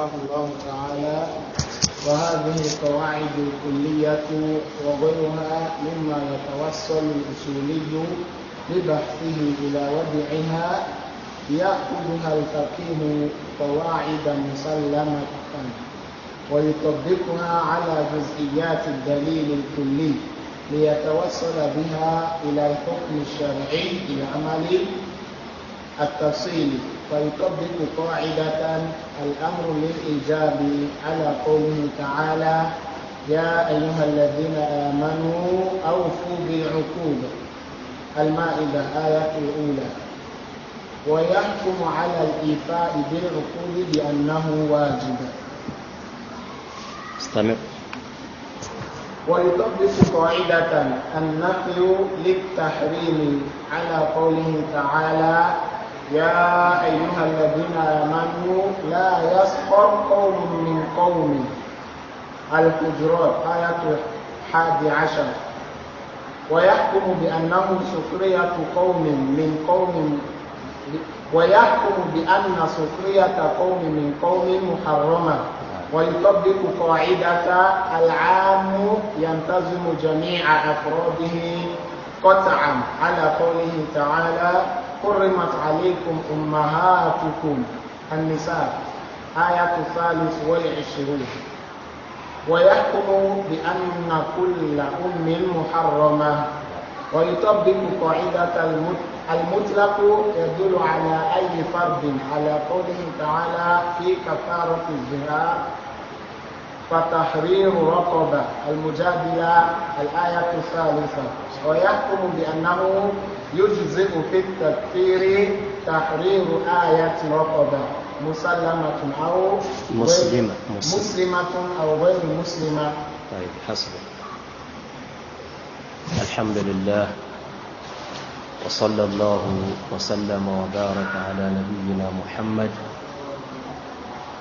رحمه الله تعالى وهذه القواعد الكلية وغيرها مما يتوصل الأصولي ببحثه إلى وضعها يأخذها الفقيه قواعد مسلمة ويطبقها على جزئيات الدليل الكلي ليتوصل بها إلى الحكم الشرعي العملي التفصيلي فيطبق قاعدة الأمر للإيجاب على قوله تعالى يا أيها الذين آمنوا أوفوا بالعقود المائدة آية الأولى ويحكم على الإيفاء بالعقود بأنه واجب استمر ويطبق قاعدة النفي للتحريم على قوله تعالى يا أيها الذين آمنوا لا يسخر قوم من قوم الحجرات آية الحادي عشر ويحكم بأنهم سخرية قوم من قوم ويحكم بأن سخرية قوم من قوم محرمة ويطبق قاعدة العام ينتظم جميع أفراده قطعا على قوله تعالى حرمت عليكم أمهاتكم النساء آية الثالث والعشرون ويحكم بأن كل أم محرمة ويطبق قاعدة المطلق يدل على أي فرد على قوله تعالى في كفارة الزهار فتحرير رقبة المجادلة الآية الثالثة ويحكم بأنه يجزئ في التكفير تحرير آية رقبة مسلمة أو مسلمة مسلمة أو غير مسلمة طيب حسب الحمد لله وصلى الله وسلم وبارك على نبينا محمد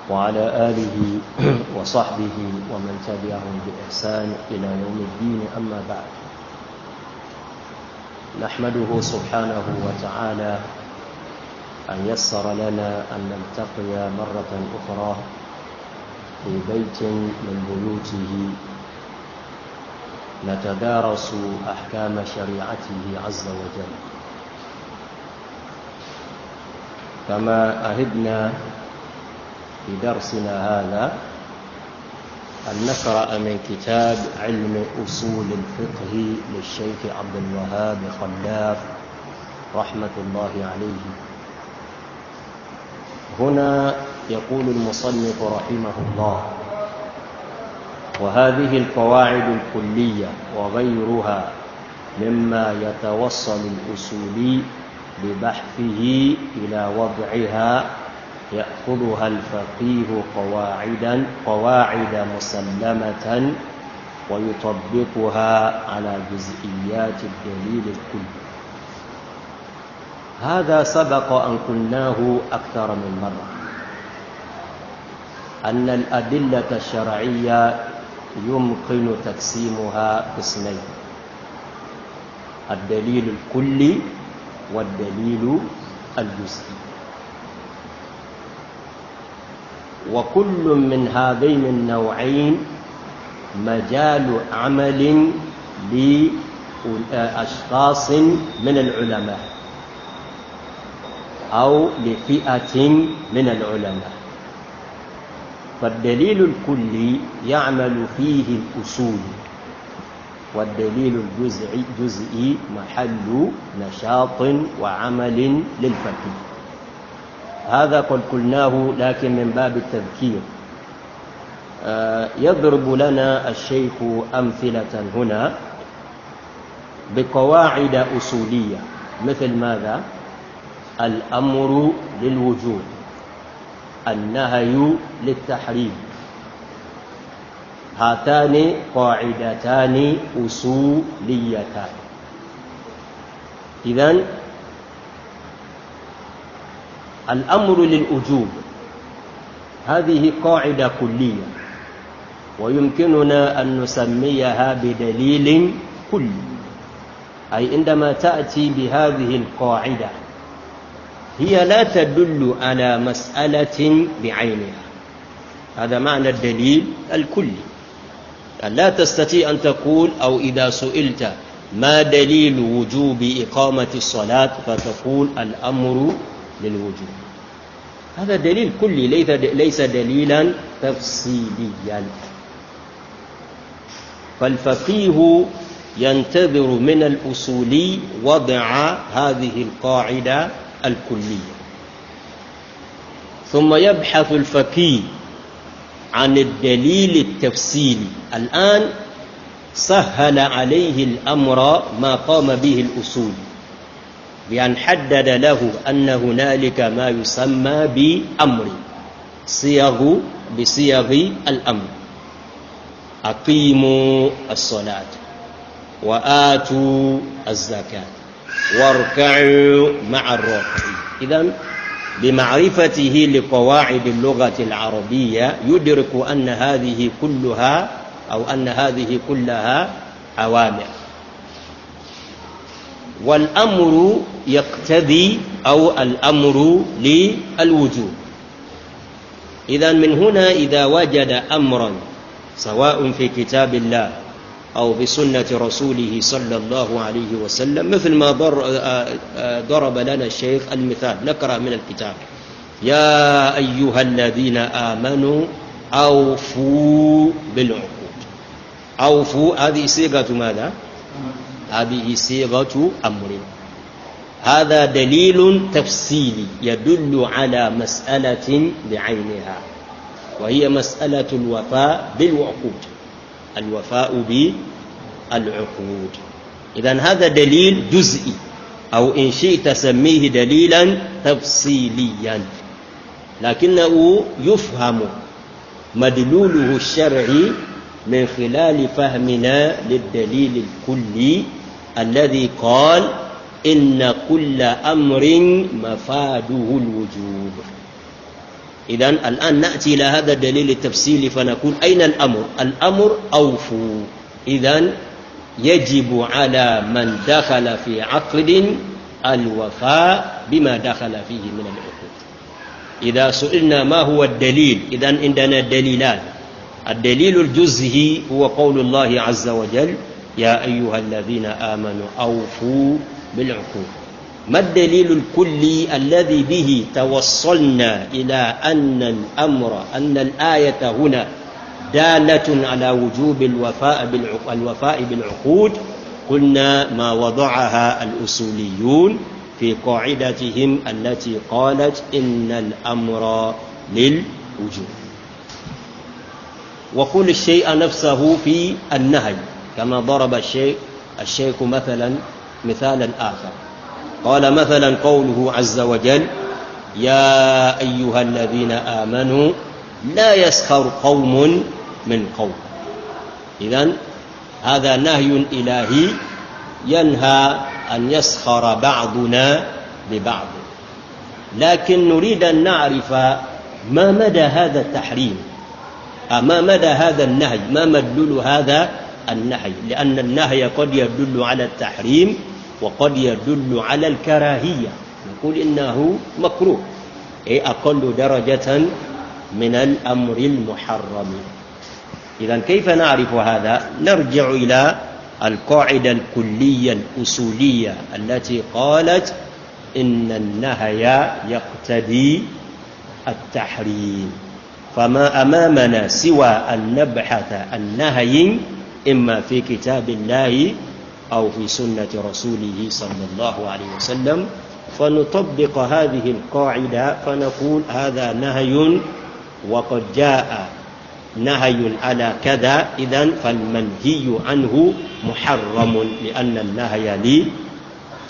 وعلى آله وصحبه ومن تبعهم بإحسان إلى يوم الدين أما بعد نحمده سبحانه وتعالى أن يسر لنا أن نلتقي مرة أخرى في بيت من بيوته نتدارس أحكام شريعته عز وجل كما أهدنا في درسنا هذا أن نقرأ من كتاب علم أصول الفقه للشيخ عبد الوهاب خلاف رحمة الله عليه هنا يقول المصنف رحمه الله وهذه القواعد الكلية وغيرها مما يتوصل الأصولي ببحثه إلى وضعها يأخذها الفقيه قواعدا قواعد مسلمة ويطبقها على جزئيات الدليل الكلي هذا سبق أن قلناه أكثر من مرة أن الأدلة الشرعية يمكن تقسيمها قسمين الدليل الكلي والدليل الجزئي وكل من هذين النوعين مجال عمل لأشخاص من العلماء أو لفئة من العلماء فالدليل الكلي يعمل فيه الأصول والدليل الجزئي محل نشاط وعمل للفتيح هذا قد قلناه لكن من باب التذكير آه، يضرب لنا الشيخ أمثلة هنا بقواعد أصولية مثل ماذا الأمر للوجود النهي للتحريم هاتان قاعدتان أصوليتان إذن الأمر للأجوب هذه قاعدة كلية ويمكننا أن نسميها بدليل كلي أي عندما تأتي بهذه القاعدة هي لا تدل على مسألة بعينها هذا معنى الدليل الكلي يعني لا تستطيع أن تقول أو إذا سئلت ما دليل وجوب إقامة الصلاة فتقول الأمر للوجوب هذا دليل كلي ليس ليس دليلا تفصيليا فالفقيه ينتظر من الأصولي وضع هذه القاعدة الكلية ثم يبحث الفقيه عن الدليل التفصيلي الآن سهل عليه الأمر ما قام به الأصولي بأن حدد له أن هنالك ما يسمى بأمر صيغ بصيغ الأمر أقيموا الصلاة وآتوا الزكاة واركعوا مع الراكعين إذا بمعرفته لقواعد اللغة العربية يدرك أن هذه كلها أو أن هذه كلها أوامر والأمر يقتضي أو الأمر للوجوب إذا من هنا إذا وجد أمرا سواء في كتاب الله أو في سنة رسوله صلى الله عليه وسلم مثل ما ضرب لنا الشيخ المثال نقرأ من الكتاب يا أيها الذين آمنوا أوفوا بالعقود أوفوا هذه صيغة ماذا؟ هذه صيغة أمر هذا دليل تفصيلي يدل على مسألة بعينها وهي مسألة الوفاء بالعقود الوفاء بالعقود إذا هذا دليل جزئي أو إن شئت سميه دليلا تفصيليا لكنه يفهم مدلوله الشرعي من خلال فهمنا للدليل الكلي الذي قال إن كل أمر مفاده الوجوب إذا الآن نأتي إلى هذا الدليل التفصيلي فنقول أين الأمر الأمر أوفو إذا يجب على من دخل في عقد الوفاء بما دخل فيه من العقود إذا سئلنا ما هو الدليل إذا عندنا دليلان الدليل الجزئي هو قول الله عز وجل يا أيها الذين آمنوا أوفوا بالعقود ما الدليل الكلي الذي به توصلنا إلى أن الأمر أن الآية هنا دالة على وجوب الوفاء الوفاء بالعقود قلنا ما وضعها الأصوليون في قاعدتهم التي قالت إن الأمر للوجوب وكل الشيء نفسه في النهي كما ضرب الشيخ الشيخ مثلا مثالا آخر قال مثلا قوله عز وجل يا أيها الذين آمنوا لا يسخر قوم من قوم إذن هذا نهي إلهي ينهى أن يسخر بعضنا ببعض لكن نريد أن نعرف ما مدى هذا التحريم آه، ما مدى هذا النهي ما مدلول هذا النهي لأن النهي قد يدل على التحريم وقد يدل على الكراهية نقول إنه مكروه أي أقل درجة من الأمر المحرم إذا كيف نعرف هذا نرجع إلى القاعدة الكلية الأصولية التي قالت إن النهي يقتدي التحريم فما أمامنا سوى أن نبحث عن نهي إما في كتاب الله أو في سنة رسوله صلى الله عليه وسلم فنطبق هذه القاعدة فنقول هذا نهي وقد جاء نهي على كذا إذا فالمنهي عنه محرم لأن النهي لي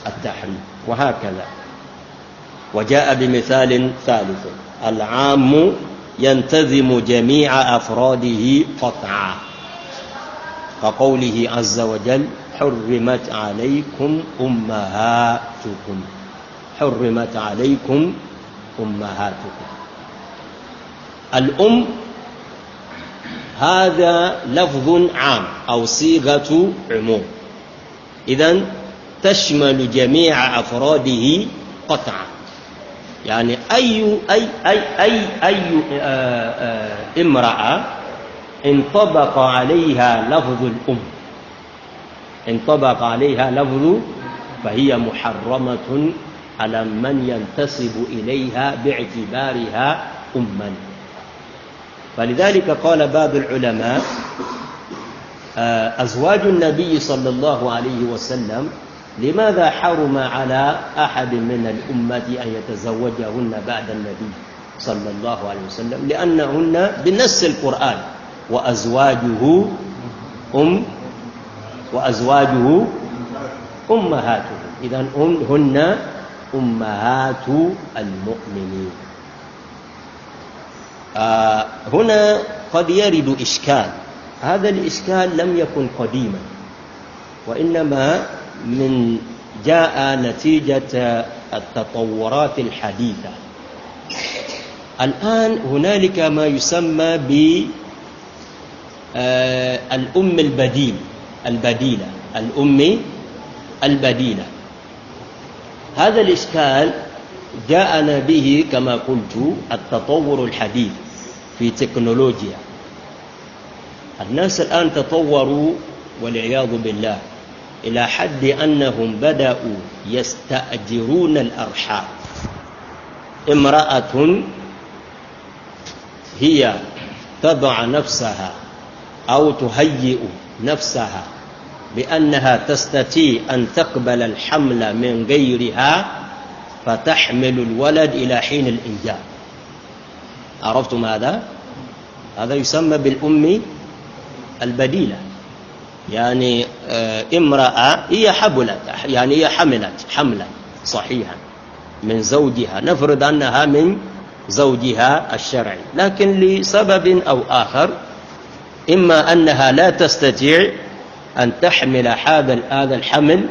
التحريم وهكذا وجاء بمثال ثالث العام ينتظم جميع أفراده قطعا كقوله عز وجل حرمت عليكم أمهاتكم حرمت عليكم أمهاتكم الأم هذا لفظ عام أو صيغة عموم إذا تشمل جميع أفراده قطعا يعني أي أي أي أي أي امرأة انطبق عليها لفظ الأم انطبق عليها لفظ فهي محرمة على من ينتسب إليها باعتبارها أما فلذلك قال بعض العلماء آه، أزواج النبي صلى الله عليه وسلم لماذا حرم على أحد من الأمة أن يتزوجهن بعد النبي صلى الله عليه وسلم لأنهن بنص القرآن وأزواجه أم وأزواجه أمهاته إذا أم هن أمهات المؤمنين آه هنا قد يرد إشكال هذا الإشكال لم يكن قديما وإنما من جاء نتيجة التطورات الحديثة الآن هنالك ما يسمى ب آه، الأم البديل البديلة الأم البديلة هذا الإشكال جاءنا به كما قلت التطور الحديث في تكنولوجيا الناس الآن تطوروا والعياذ بالله إلى حد أنهم بدأوا يستأجرون الأرحام امرأة هي تضع نفسها أو تهيئ نفسها بأنها تستطيع أن تقبل الحمل من غيرها فتحمل الولد إلى حين الإنجاب عرفتم هذا؟ هذا يسمى بالأم البديلة يعني آه، امرأة هي حبلت يعني هي حملت حملا صحيحا من زوجها نفرض أنها من زوجها الشرعي لكن لسبب أو آخر إما أنها لا تستطيع أن تحمل هذا هذا الحمل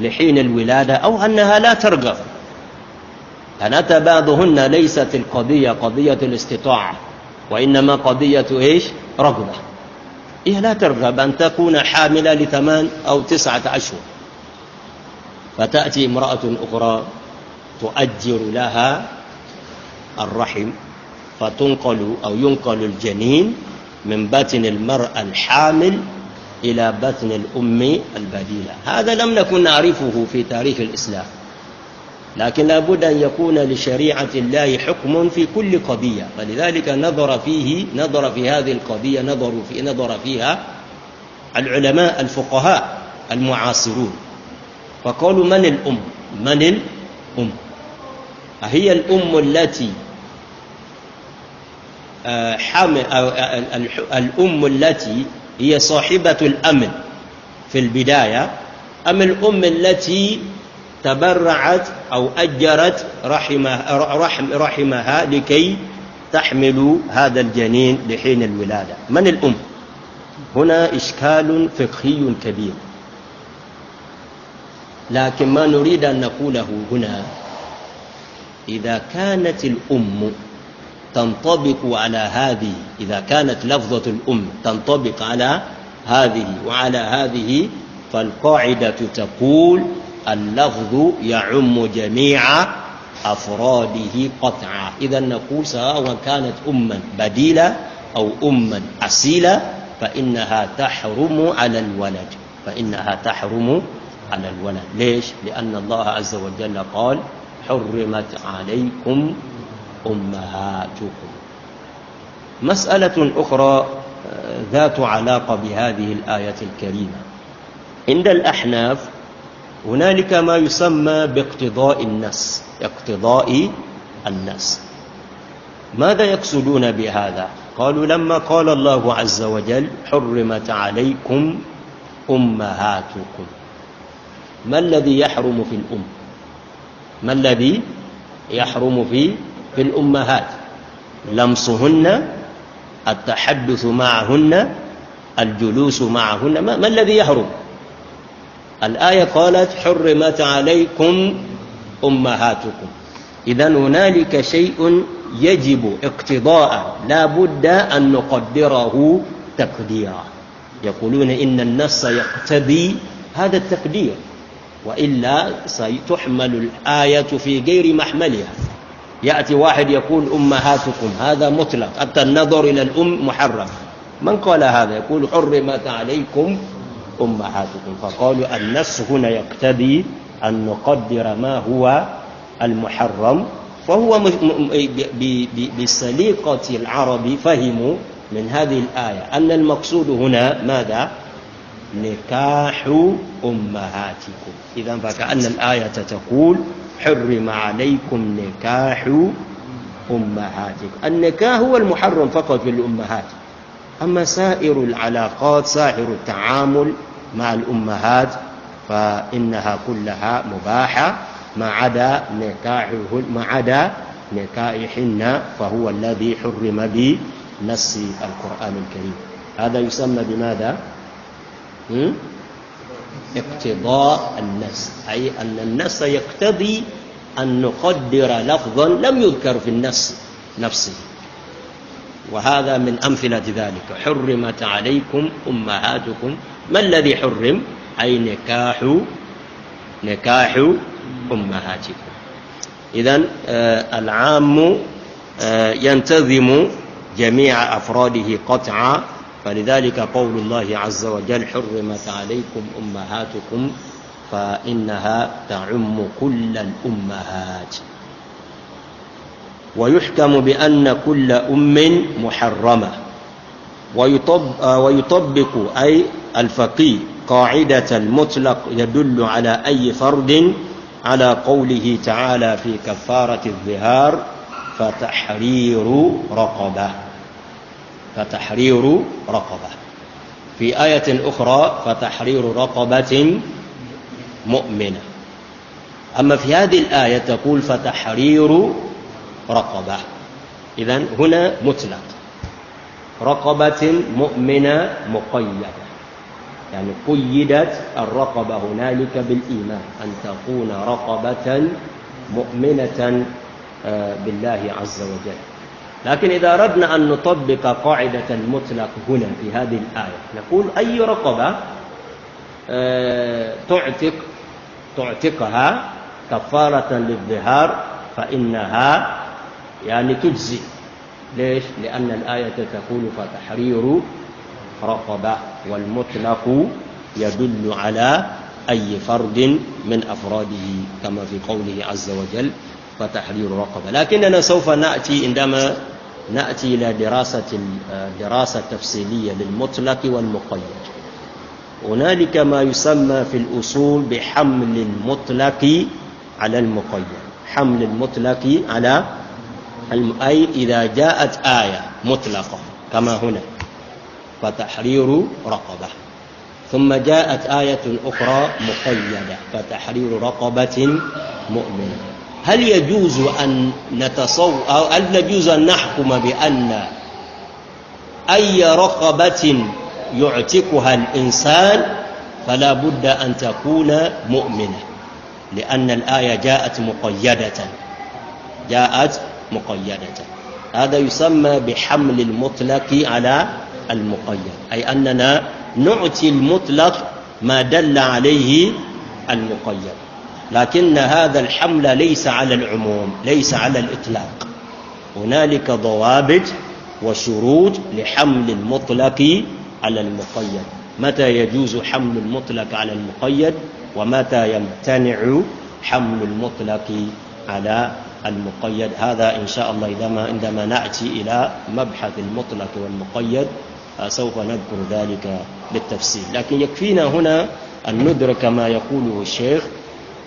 لحين الولادة أو أنها لا ترغب فنتى بعضهن ليست القضية قضية الاستطاعة وإنما قضية إيش رغبة هي لا ترغب أن تكون حاملة لثمان أو تسعة أشهر فتأتي امرأة أخرى تؤجر لها الرحم فتنقل أو ينقل الجنين من بطن المرأة الحامل إلى بطن الأم البديلة هذا لم نكن نعرفه في تاريخ الإسلام لكن لابد أن يكون لشريعة الله حكم في كل قضية فلذلك نظر فيه نظر في هذه القضية نظر في نظر فيها العلماء الفقهاء المعاصرون فقالوا من الأم من الأم هي الأم التي آه، آه، آه، الأم التي هي صاحبة الأمن في البداية أم الأم التي تبرعت أو أجرت رحمها, رحم رحمها لكي تحمل هذا الجنين لحين الولادة من الأم هنا إشكال فقهي كبير لكن ما نريد أن نقوله هنا إذا كانت الأم تنطبق على هذه إذا كانت لفظة الأم تنطبق على هذه وعلى هذه فالقاعدة تقول اللفظ يعم جميع أفراده قطعا إذا نقول سواء كانت أما بديلة أو أما أصيلة فإنها تحرم على الولد فإنها تحرم على الولد ليش؟ لأن الله عز وجل قال حرمت عليكم أمهاتكم مسألة أخرى آه، ذات علاقة بهذه الآية الكريمة عند الأحناف هنالك ما يسمى باقتضاء النص اقتضاء النص ماذا يقصدون بهذا قالوا لما قال الله عز وجل حرمت عليكم أمهاتكم ما الذي يحرم في الأم ما الذي يحرم في في الأمهات لمسهن التحدث معهن الجلوس معهن ما, ما الذي يحرم الآية قالت حرمت عليكم أمهاتكم إذا هنالك شيء يجب اقتضاء لا بد أن نقدره تقديرا يقولون إن النص يقتضي هذا التقدير وإلا ستحمل الآية في غير محملها يأتي واحد يقول أمهاتكم هذا مطلق حتى النظر إلى الأم محرم من قال هذا يقول حرمت عليكم أمهاتكم فقالوا النص هنا يقتضي أن نقدر ما هو المحرم فهو بسليقة العرب فهموا من هذه الآية أن المقصود هنا ماذا نكاح أمهاتكم إذا فكأن الآية تقول حرم عليكم نكاح أمهاتكم النكاح هو المحرم فقط للأمهات أما سائر العلاقات سائر التعامل مع الأمهات فإنها كلها مباحة ما عدا نكاحه ما عدا نكاحهن فهو الذي حرم بنص القرآن الكريم هذا يسمى بماذا؟ اقتضاء النص أي أن النص يقتضي أن نقدر لفظا لم يذكر في النص نفسه وهذا من أمثلة ذلك حرمت عليكم أمهاتكم ما الذي حرم أي نكاح نكاح أمهاتكم إذا آه، العام آه، ينتظم جميع أفراده قطعا فلذلك قول الله عز وجل حرمت عليكم أمهاتكم فإنها تعم كل الأمهات ويحكم بأن كل أم محرمة ويطب آه، ويطبق أي الفقيه قاعدة المطلق يدل على أي فرد على قوله تعالى في كفارة الظهار فتحرير رقبة فتحرير رقبة في آية أخرى فتحرير رقبة مؤمنة أما في هذه الآية تقول فتحرير رقبة إذن هنا مطلق رقبة مؤمنة مقيدة يعني قيدت الرقبة هنالك بالإيمان أن تكون رقبة مؤمنة آه، بالله عز وجل لكن إذا أردنا أن نطبق قاعدة المطلق هنا في هذه الآية نقول أي رقبة آه، تعتق تعتقها كفارة للظهار فإنها يعني تجزي ليش؟ لأن الآية تقول فتحرير رقبة والمطلق يدل على أي فرد من أفراده كما في قوله عز وجل فتحرير رقبة لكننا سوف نأتي عندما نأتي إلى دراسة دراسة تفصيلية للمطلق والمقيد هنالك ما يسمى في الأصول بحمل المطلق على المقيد حمل المطلق على أي إذا جاءت آية مطلقة كما هنا فتحرير رقبة ثم جاءت آية أخرى مقيدة فتحرير رقبة مؤمنة هل يجوز أن نتصو أو هل يجوز أن نحكم بأن أي رقبة يعتقها الإنسان فلا بد أن تكون مؤمنة لأن الآية جاءت مقيدة جاءت مقيدة هذا يسمى بحمل المطلق على المقيد أي أننا نعطي المطلق ما دل عليه المقيد لكن هذا الحمل ليس على العموم ليس على الإطلاق هنالك ضوابط وشروط لحمل المطلق على المقيد متى يجوز حمل المطلق على المقيد ومتى يمتنع حمل المطلق على المقيد هذا إن شاء الله إذا ما عندما نأتي إلى مبحث المطلق والمقيد آه، سوف نذكر ذلك بالتفصيل لكن يكفينا هنا أن ندرك ما يقوله الشيخ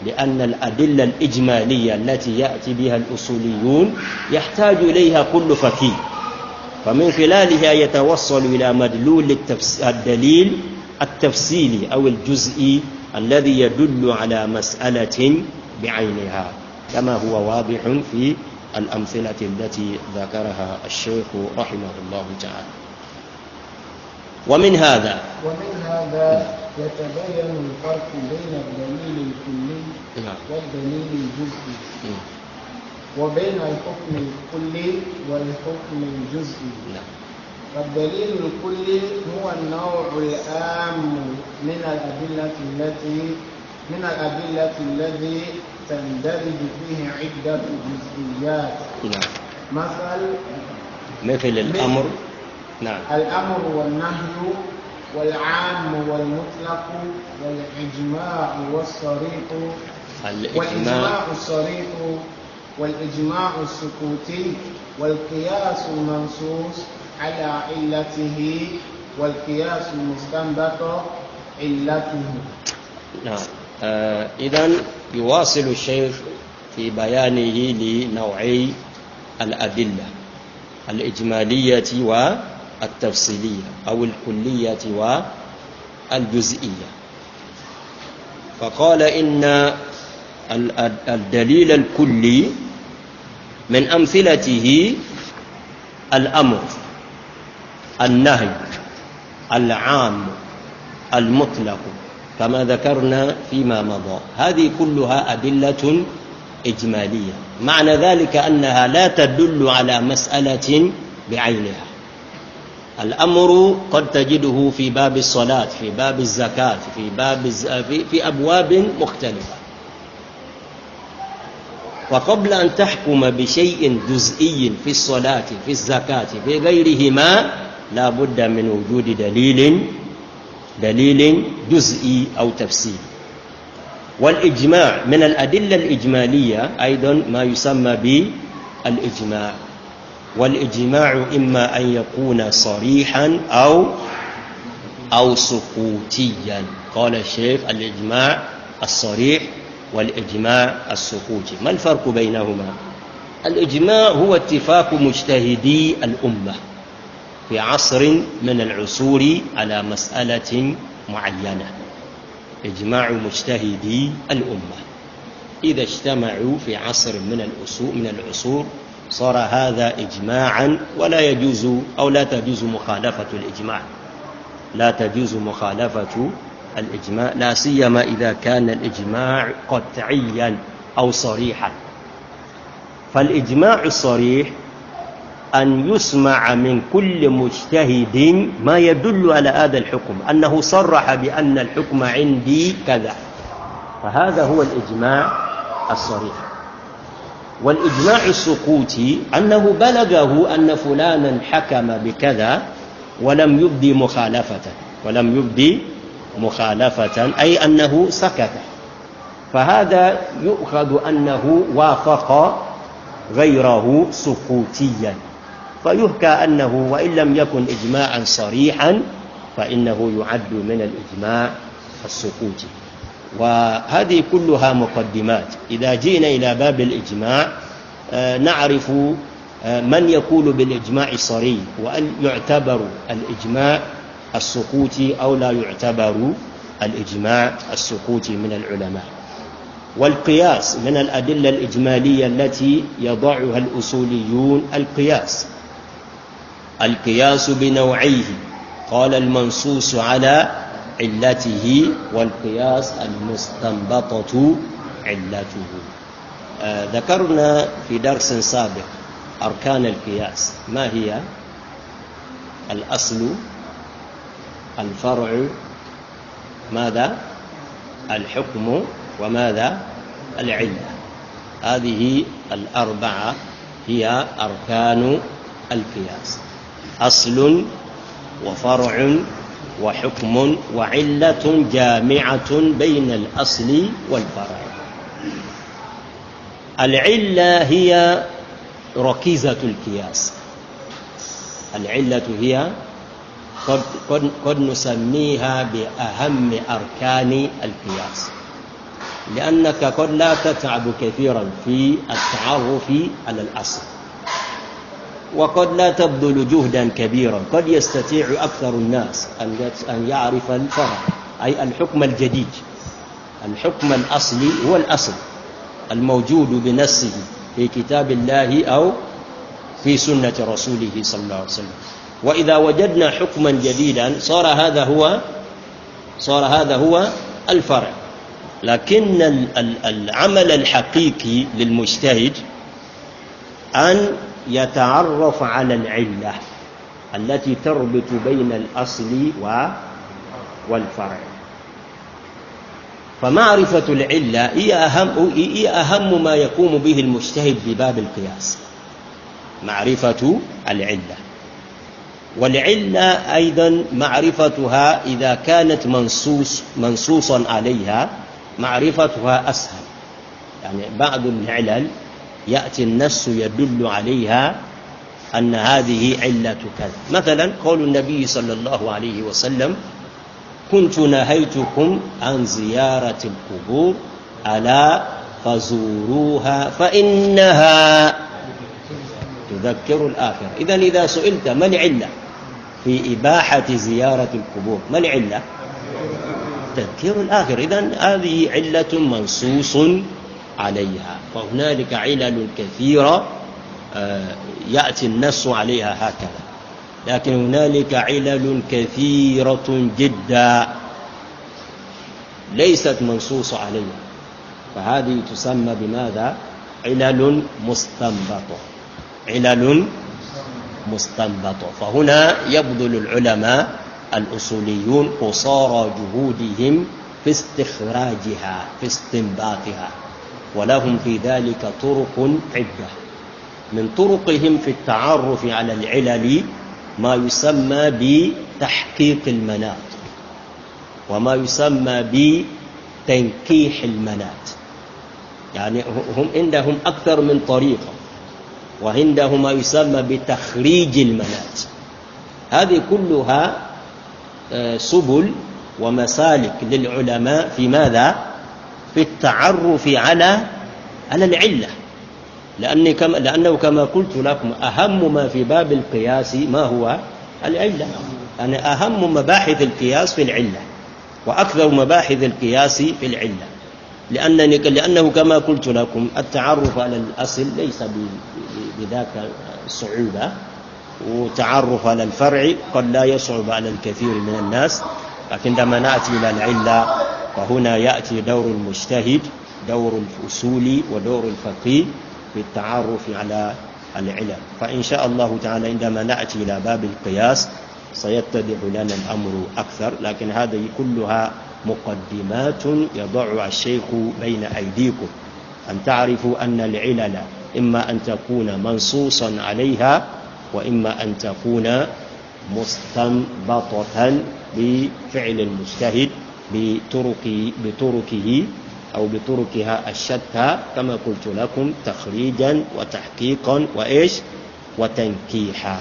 لأن الأدلة الإجمالية التي يأتي بها الأصوليون يحتاج إليها كل فقيه فمن خلالها يتوصل إلى مدلول الدليل التفصيلي أو الجزئي الذي يدل على مسألة بعينها كما هو واضح في الأمثلة التي ذكرها الشيخ رحمه الله تعالى ومن هذا ومن هذا يتبين الفرق بين الدليل الكلي نعم. والدليل الجزئي نعم. وبين الحكم الكلي والحكم الجزئي نعم. فالدليل الكلي هو النوع العام من الأدلة التي من الأدلة الذي تندرج فيه عدة جزئيات نعم مثل مثل الأمر نعم الأمر والنهي والعام والمطلق والإجماع والصريح والإجماع الصريح والإجماع السكوتي والقياس المنصوص على علته والقياس المستنبط علته نعم آه إذن يواصل الشيخ في بيانه لنوعي الأدلة الإجمالية والتفصيلية أو الكلية والجزئية فقال إن الدليل الكلي من أمثلته الأمر النهي العام المطلق كما ذكرنا فيما مضى هذه كلها أدلة إجمالية معنى ذلك أنها لا تدل على مسألة بعينها الأمر قد تجده في باب الصلاة في باب الزكاة في باب الز... في أبواب مختلفة وقبل أن تحكم بشيء جزئي في الصلاة في الزكاة في غيرهما لا بد من وجود دليل دليل جزئي أو تفسيري والإجماع من الأدلة الإجمالية أيضا ما يسمى بالإجماع والإجماع إما أن يكون صريحا أو أو سقوطيا قال الشيخ الإجماع الصريح والإجماع السقوطي ما الفرق بينهما الإجماع هو اتفاق مجتهدي الأمة في عصر من العصور على مسألة معينة إجماع مجتهدي الأمة إذا اجتمعوا في عصر من العصور من العصور صار هذا إجماعا ولا يجوز أو لا تجوز مخالفة الإجماع لا تجوز مخالفة الإجماع لا سيما إذا كان الإجماع قطعيا أو صريحا فالإجماع الصريح أن يسمع من كل مجتهد ما يدل على هذا الحكم أنه صرح بأن الحكم عندي كذا فهذا هو الإجماع الصريح والإجماع السقوطي أنه بلغه أن فلانا حكم بكذا ولم يبدي مخالفة ولم يبدي مخالفة أي أنه سكت فهذا يؤخذ أنه وافق غيره سقوطيا فيحكى أنه وإن لم يكن إجماعا صريحا فإنه يعد من الإجماع السقوطي وهذه كلها مقدمات إذا جئنا إلى باب الإجماع آه، نعرف آه، من يقول بالإجماع الصريح وأن يعتبر الإجماع السقوطي أو لا يعتبر الإجماع السقوطي من العلماء والقياس من الأدلة الإجمالية التي يضعها الأصوليون القياس القياس بنوعيه قال المنصوص على علته والقياس المستنبطة علته آه، ذكرنا في درس سابق أركان القياس ما هي الأصل الفرع ماذا الحكم وماذا العلة هذه الأربعة هي أركان القياس أصل وفرع وحكم وعلة جامعة بين الأصل والفرع العلة هي ركيزة القياس العلة هي قد, قد, قد نسميها بأهم أركان القياس لأنك قد لا تتعب كثيرا في التعرف على الأصل وقد لا تبذل جهدا كبيرا قد يستطيع أكثر الناس أن يعرف الفرع أي الحكم الجديد الحكم الأصلي هو الأصل الموجود بنفسه في كتاب الله أو في سنة رسوله صلى الله عليه وسلم وإذا وجدنا حكما جديدا صار هذا هو صار هذا هو الفرع لكن العمل الحقيقي للمجتهد أن يتعرف على العلة التي تربط بين الأصل والفرع فمعرفة العلة هي أهم, هي أهم ما يقوم به المجتهد في باب القياس معرفة العلة والعلة أيضا معرفتها إذا كانت منصوص منصوصا عليها معرفتها أسهل يعني بعض العلل يأتي النص يدل عليها أن هذه علة كذا مثلا قول النبي صلى الله عليه وسلم كنت نهيتكم عن زيارة القبور ألا فزوروها فإنها تذكر الآخرة إذا إذا سئلت ما العلة في إباحة زيارة القبور ما العلة تذكير الآخرة إذا هذه علة منصوص عليها فهنالك علل كثيرة آه، يأتي النص عليها هكذا لكن هنالك علل كثيرة جدا ليست منصوص عليها فهذه تسمى بماذا علل مستنبطة علل مستنبطة فهنا يبذل العلماء الأصوليون قصارى جهودهم في استخراجها في استنباطها ولهم في ذلك طرق عدة من طرقهم في التعرف على العلل ما يسمى بتحقيق المناط وما يسمى بتنكيح المناط يعني هم عندهم أكثر من طريقة وعنده ما يسمى بتخريج المنات هذه كلها آه، سبل ومسالك للعلماء في ماذا في التعرف على على العلة لأني كما لأنه كما قلت لكم أهم ما في باب القياس ما هو العلة أنا يعني أهم مباحث القياس في العلة وأكثر مباحث القياس في العلة لأنني لأنه كما قلت لكم التعرف على الأصل ليس بذاك الصعوبة وتعرف على الفرع قد لا يصعب على الكثير من الناس لكن عندما نأتي إلى العلة وهنا يأتي دور المجتهد دور الأصول ودور الفقيه في التعرف على العلل فإن شاء الله تعالى عندما نأتي إلى باب القياس سيتضح لنا الأمر أكثر لكن هذه كلها مقدمات يضعها الشيخ بين أيديكم أن تعرفوا أن العلل إما أن تكون منصوصا عليها وإما أن تكون مستنبطة بفعل المجتهد بطرق بطرقه أو بطرقها الشتى كما قلت لكم تخريجا وتحقيقا وإيش وتنكيحا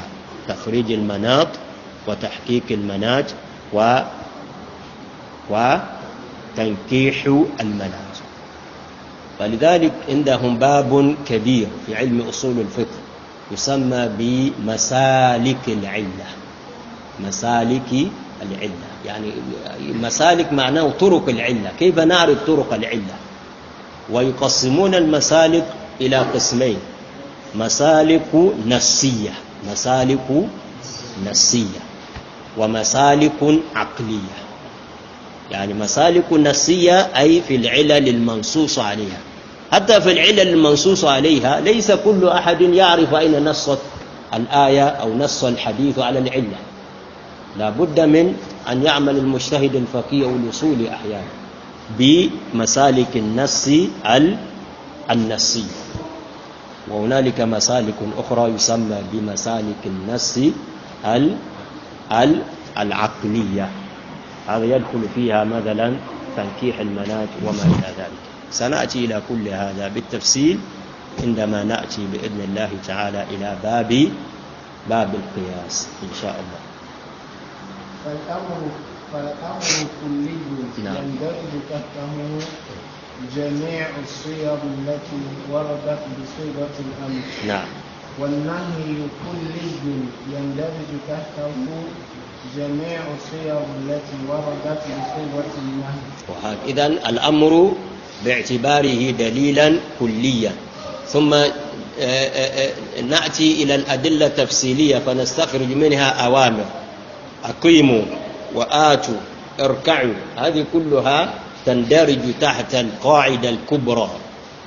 تخريج المناط وتحقيق المناط و وتنكيح المناط ولذلك عندهم باب كبير في علم أصول الفقه يسمى بمسالك العلة مسالك العلة يعني مسالك معناه طرق العلة كيف نعرف طرق العلة ويقسمون المسالك إلى قسمين مسالك نفسية مسالك نفسية ومسالك عقلية يعني مسالك نفسية أي في العلل المنصوص عليها حتى في العلل المنصوص عليها ليس كل أحد يعرف أين نصت الآية أو نص الحديث على العلة لا بد من أن يعمل المجتهد الفقيه الأصولي أحيانا بمسالك النص النسي وهنالك مسالك أخرى يسمى بمسالك النص العقلية هذا يدخل فيها مثلا تنكيح المناج وما إلى ذلك سنأتي إلى كل هذا بالتفصيل عندما نأتي بإذن الله تعالى إلى باب باب القياس إن شاء الله فالأمر فالأمر كلي نعم. يندرج تحته جميع الصيغ التي وردت بصيغة الأمر نعم والنهي كلي يندرج تحته جميع الصيغ التي وردت بصيغة النهي إذا الأمر باعتباره دليلا كليا ثم آه، آه، آه، نأتي إلى الأدلة التفصيلية فنستخرج منها أوامر أقيموا وآتوا اركعوا هذه كلها تندرج تحت القاعدة الكبرى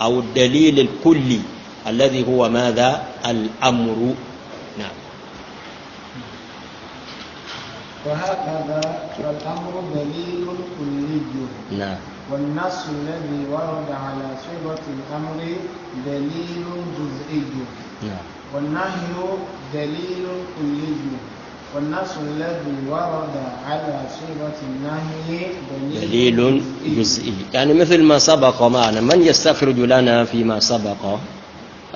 أو الدليل الكلي الذي هو ماذا الأمر نعم وهكذا الأمر دليل كلي نعم والنص الذي ورد على صيغة الأمر دليل جزئي نعم والنهي دليل كلي والنص الذي ورد على صيغة النهي دليل, دليل إيه؟ جزئي يعني مثل ما سبق معنا من يستخرج لنا فيما سبق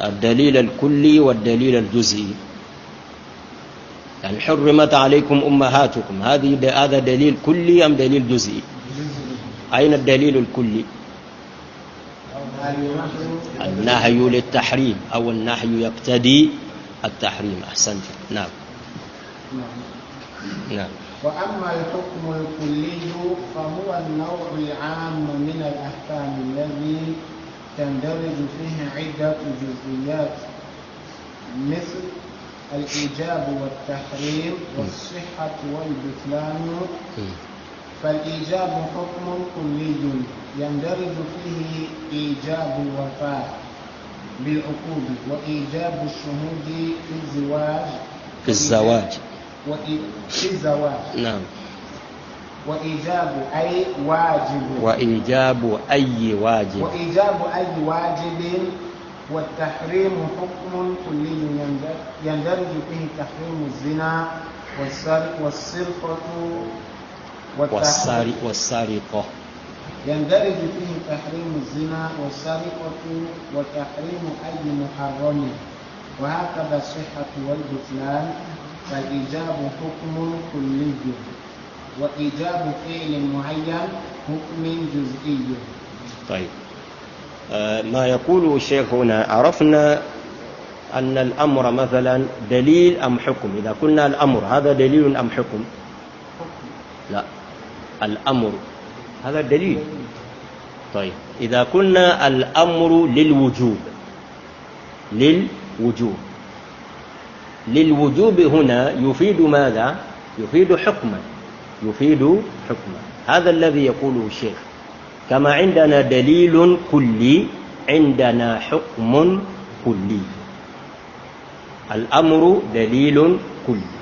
الدليل الكلي والدليل الجزئي يعني حرمت عليكم أمهاتكم هذه هذا دليل كلي أم دليل جزئي أين الدليل الكلي النهي للتحريم أو النهي يقتدي التحريم أحسنت نعم نعم. نعم وأما الحكم الكلي فهو النوع العام من الأحكام الذي تندرج فيه عدة جزئيات مثل الإيجاب والتحريم والصحة والبطلان فالإيجاب حكم كلي يندرج فيه إيجاب الوفاء بالعقود وإيجاب الشهود في الزواج في الزواج في الزواج نعم وإيجاب أي واجب وإيجاب أي واجب وإيجاب أي واجب والتحريم حكم كلي يندرج فيه تحريم الزنا والسرقة والسرقة والسرقة يندرج فيه تحريم الزنا والسرقة وتحريم أي محرم وهكذا الصحة والبطلان فالإيجاب حكم كلي وإيجاب فعل معين حكم جزئي طيب آه، ما يقوله الشيخ هنا عرفنا أن الأمر مثلا دليل أم حكم إذا قلنا الأمر هذا دليل أم حكم لا الأمر هذا دليل طيب إذا قلنا الأمر للوجوب للوجوب للوجوب هنا يفيد ماذا يفيد حكما يفيد حكما هذا الذي يقوله الشيخ كما عندنا دليل كلي عندنا حكم كلي الأمر دليل كلي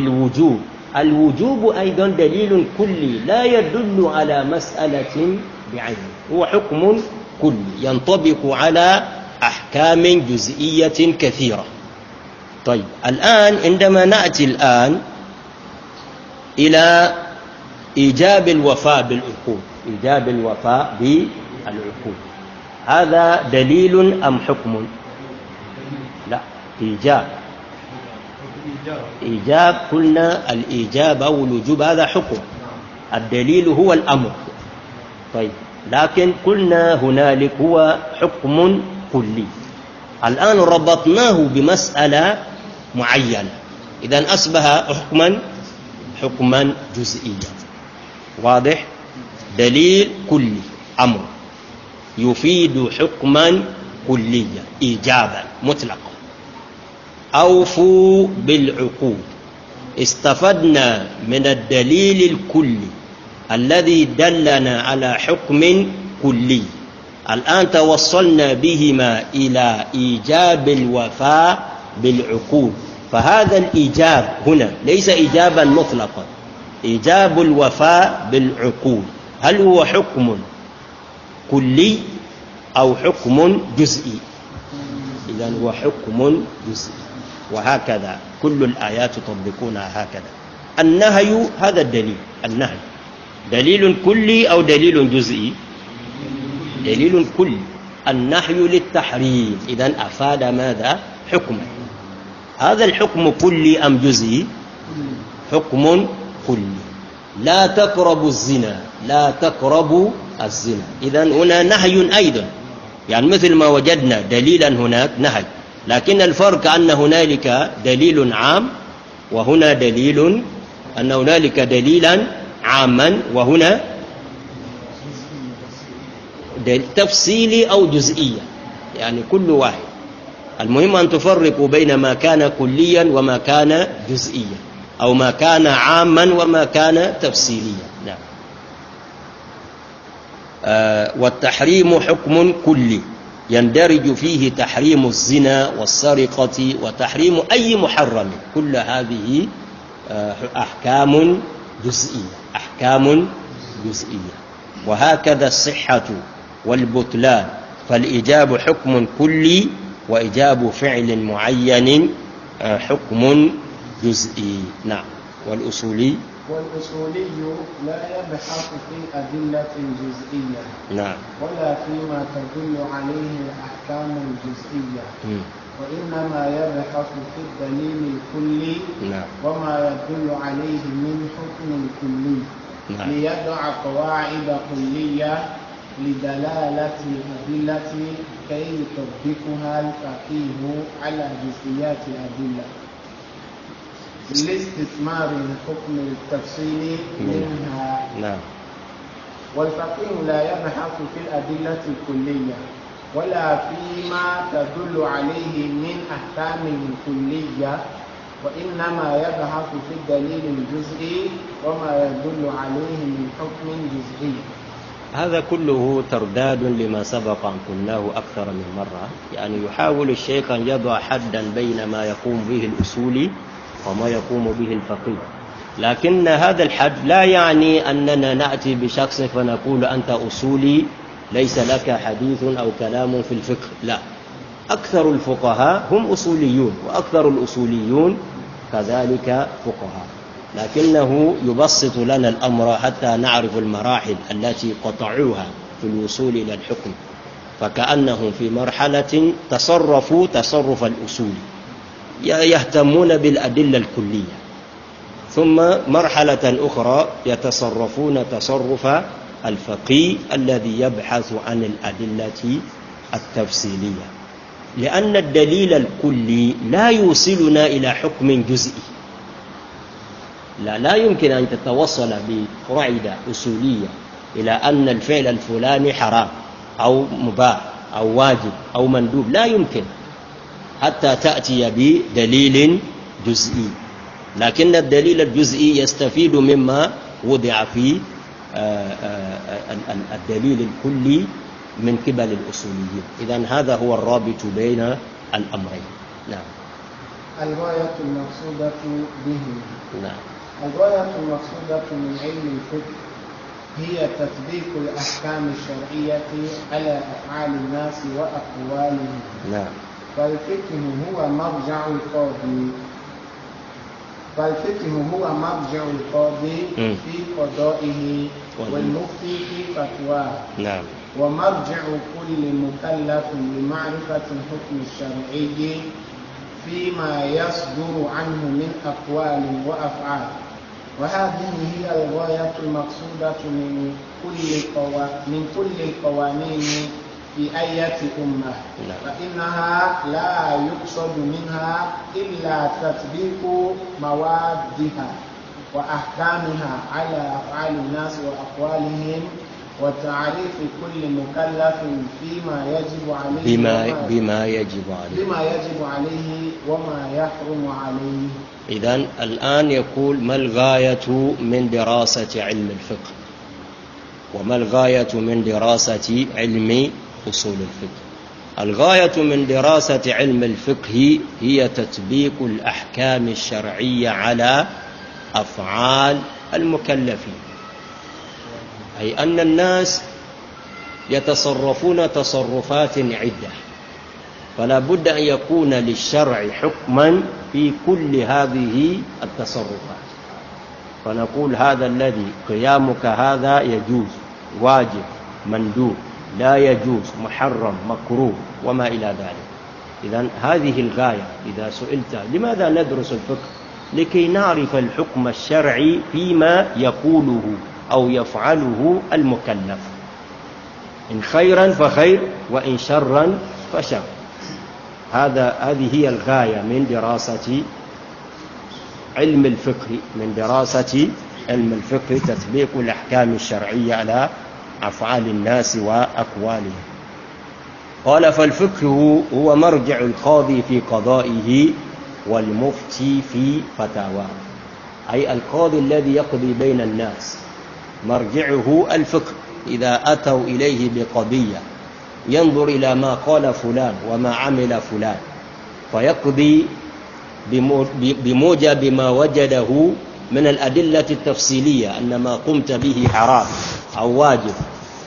للوجوب الوجوب أيضا دليل كلي لا يدل على مسألة بعينه هو حكم كلي ينطبق على أحكام جزئية كثيرة طيب الآن عندما نأتي الآن إلى إيجاب الوفاء بالعقود إيجاب الوفاء بالعقود هذا دليل أم حكم لا إيجاب إيجاب قلنا الإيجاب أو الوجوب هذا حكم الدليل هو الأمر طيب لكن قلنا هنالك هو حكم كلي الآن ربطناه بمسألة معين إذا أصبح حكما حكما جزئيا واضح دليل كلي أمر يفيد حكما كليا إيجابا مطلقا أوفوا بالعقود استفدنا من الدليل الكلي الذي دلنا على حكم كلي الآن توصلنا بهما إلى إيجاب الوفاء بالعقول فهذا الإيجاب هنا ليس إيجابا مطلقا إيجاب الوفاء بالعقول هل هو حكم كلي أو حكم جزئي إذا هو حكم جزئي وهكذا كل الآيات تطبقونها هكذا النهي هذا الدليل النهي دليل كلي أو دليل جزئي دليل كلي النهي للتحريم إذا أفاد ماذا حكم هذا الحكم كلي أم جزئي حكم كلي لا تقربوا الزنا لا تقربوا الزنا إذا هنا نهي أيضا يعني مثل ما وجدنا دليلا هناك نهي لكن الفرق أن هنالك دليل عام وهنا دليل أن هنالك دليلا عاما وهنا تفصيلي أو جزئية يعني كل واحد المهم أن تفرقوا بين ما كان كليا وما كان جزئيا أو ما كان عاما وما كان تفسيريا نعم آه، والتحريم حكم كلي يندرج فيه تحريم الزنا والسرقة وتحريم أي محرم كل هذه آه، أحكام جزئية أحكام جزئية وهكذا الصحة والبطلان فالإجاب حكم كلي وإيجاب فعل معين آه، حكم جزئي نعم والأصولي والأصولي لا يبحث في أدلة جزئية نعم ولا فيما تدل عليه الأحكام الجزئية وإنما يبحث في الدليل الكلي نعم وما يدل عليه من حكم كلي نعم ليدع قواعد كلية لدلالة الأدلة كي يطبقها الفقيه على جزئيات الأدلة لاستثمار حكم التفصيل منها نعم والفقيه لا يبحث في الأدلة الكلية ولا فيما تدل عليه من أحكام كلية وإنما يبحث في الدليل الجزئي وما يدل عليه من حكم جزئي هذا كله ترداد لما سبق أن قلناه أكثر من مرة يعني يحاول الشيخ أن يضع حدا بين ما يقوم به الأصولي وما يقوم به الفقيه لكن هذا الحد لا يعني أننا نأتي بشخص فنقول أنت أصولي ليس لك حديث أو كلام في الفقه لا أكثر الفقهاء هم أصوليون وأكثر الأصوليون كذلك فقهاء لكنه يبسط لنا الأمر حتى نعرف المراحل التي قطعوها في الوصول إلى الحكم فكأنهم في مرحلة تصرفوا تصرف الأصول يهتمون بالأدلة الكلية ثم مرحلة أخرى يتصرفون تصرف الفقيه الذي يبحث عن الأدلة التفصيلية لأن الدليل الكلي لا يوصلنا إلى حكم جزئي لا لا يمكن أن تتوصل بقاعدة أصولية إلى أن الفعل الفلاني حرام أو مباح أو واجب أو مندوب لا يمكن حتى تأتي بدليل جزئي لكن الدليل الجزئي يستفيد مما وضع في آه، آه، الدليل الكلي من قبل الأصوليين إذا هذا هو الرابط بين الأمرين نعم الغاية المقصودة به نعم الغاية المقصودة من علم الفقه هي تطبيق الأحكام الشرعية على أفعال الناس وأقوالهم نعم فالفقه هو مرجع القاضي فالفقه هو مرجع القاضي في قضائه والمفتي في فتواه نعم ومرجع كل مكلف لمعرفة الحكم الشرعي فيما يصدر عنه من أقوال وأفعال وهذه هي الغاية المقصودة من كل من كل القوانين في أية أمة فإنها لا يقصد منها إلا تطبيق موادها وأحكامها على أفعال الناس وأقوالهم وتعريف كل مكلف فيما يجب عليه بما بما يجب عليه بما يجب عليه وما يحرم عليه إذا الآن يقول ما الغاية من دراسة علم الفقه وما الغاية من دراسة علم أصول الفقه الغاية من دراسة علم الفقه هي تطبيق الأحكام الشرعية على أفعال المكلفين أي أن الناس يتصرفون تصرفات عدة فلا بد أن يكون للشرع حكما في كل هذه التصرفات فنقول هذا الذي قيامك هذا يجوز واجب مندوب لا يجوز محرم مكروه وما إلى ذلك إذا هذه الغاية إذا سئلت لماذا ندرس الفقه لكي نعرف الحكم الشرعي فيما يقوله أو يفعله المكلف إن خيرا فخير وإن شرا فشر هذا هذه هي الغاية من دراسة علم الفقه من دراسة علم الفقه تطبيق الأحكام الشرعية على أفعال الناس وأقوالهم قال فالفقه هو مرجع القاضي في قضائه والمفتي في فتاواه أي القاضي الذي يقضي بين الناس مرجعه الفقه إذا أتوا إليه بقضية ينظر إلى ما قال فلان وما عمل فلان فيقضي بموجب ما وجده من الأدلة التفصيلية أن ما قمت به حرام أو واجب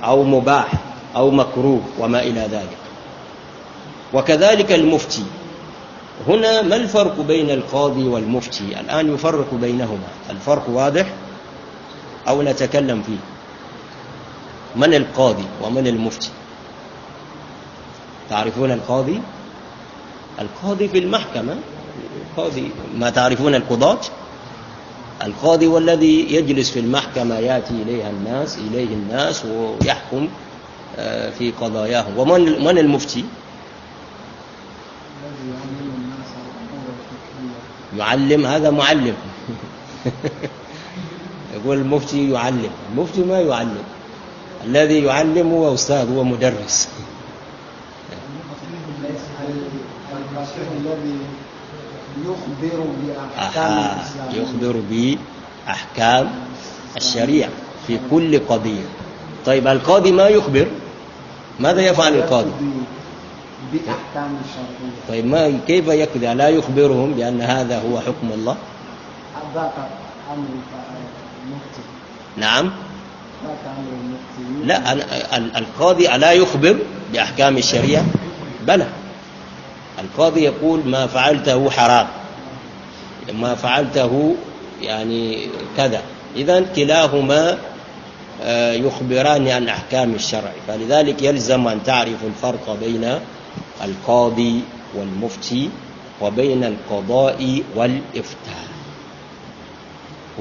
أو مباح أو مكروه وما إلى ذلك وكذلك المفتي هنا ما الفرق بين القاضي والمفتي الآن يفرق بينهما الفرق واضح؟ أو نتكلم فيه من القاضي ومن المفتي تعرفون القاضي القاضي في المحكمة القاضي ما تعرفون القضاة القاضي والذي يجلس في المحكمة يأتي إليها الناس إليه الناس ويحكم آه، في قضاياهم ومن من المفتي يعلم هذا معلم يقول المفتي يعلم المفتي ما يعلم الذي يعلم هو أستاذ هو مدرس يخبر بأحكام يخبر بأحكام الشريعة في كل قضية طيب القاضي ما يخبر ماذا يفعل القاضي بأحكام الشرعية طيب ما كيف يقضي لا يخبرهم بأن هذا هو حكم الله أمر نعم لا القاضي ألا يخبر بأحكام الشريعة بلى القاضي يقول ما فعلته حرام ما فعلته يعني كذا إذا كلاهما آه، يخبران عن أحكام الشرع فلذلك يلزم أن تعرف الفرق بين القاضي والمفتي وبين القضاء والإفتاء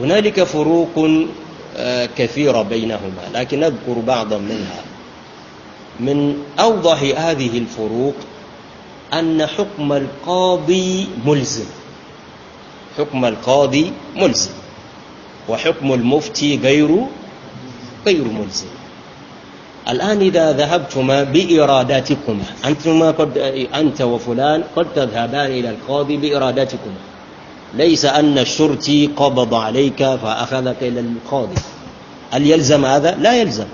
هنالك فروق آه، كثيرة بينهما لكن أذكر بعضا منها من أوضح هذه الفروق أن حكم القاضي ملزم حكم القاضي ملزم وحكم المفتي غير غير ملزم الآن إذا ذهبتما بإراداتكما أنتما قد أنت وفلان قد تذهبان إلى القاضي بإراداتكما ليس أن الشرطي قبض عليك فأخذك إلى القاضي هل يلزم هذا؟ لا يلزم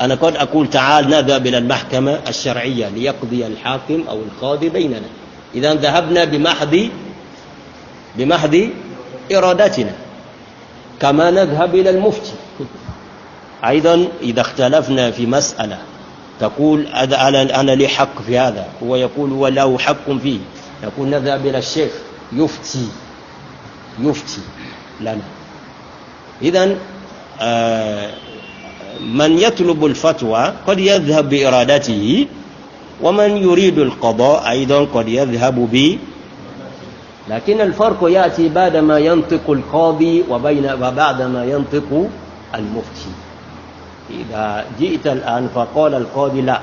أنا قد أقول تعال نذهب إلى المحكمة الشرعية ليقضي الحاكم أو القاضي بيننا إذا ذهبنا بمحض بمحض إرادتنا كما نذهب إلى المفتي أيضا إذا اختلفنا في مسألة تقول أنا لي حق في هذا هو يقول له حق فيه نقول نذهب إلى الشيخ يفتي يفتي لنا إذا آه، من يطلب الفتوى قد يذهب بإرادته ومن يريد القضاء أيضا قد يذهب به لكن الفرق يأتي بعدما ينطق القاضي وبين وبعدما ينطق المفتي إذا جئت الآن فقال القاضي لا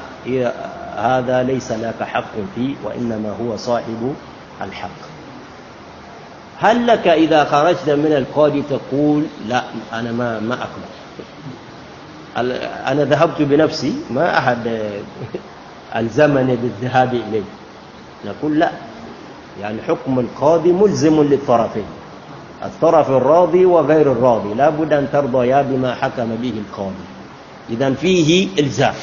هذا ليس لك حق فيه وإنما هو صاحب الحق هل لك إذا خرجت من القاضي تقول لا أنا ما ما أقبل أنا ذهبت بنفسي ما أحد ألزمني بالذهاب إليه نقول لا يعني حكم القاضي ملزم للطرفين الطرف الراضي وغير الراضي لا بد أن ترضيا بما حكم به القاضي إذا فيه إلزام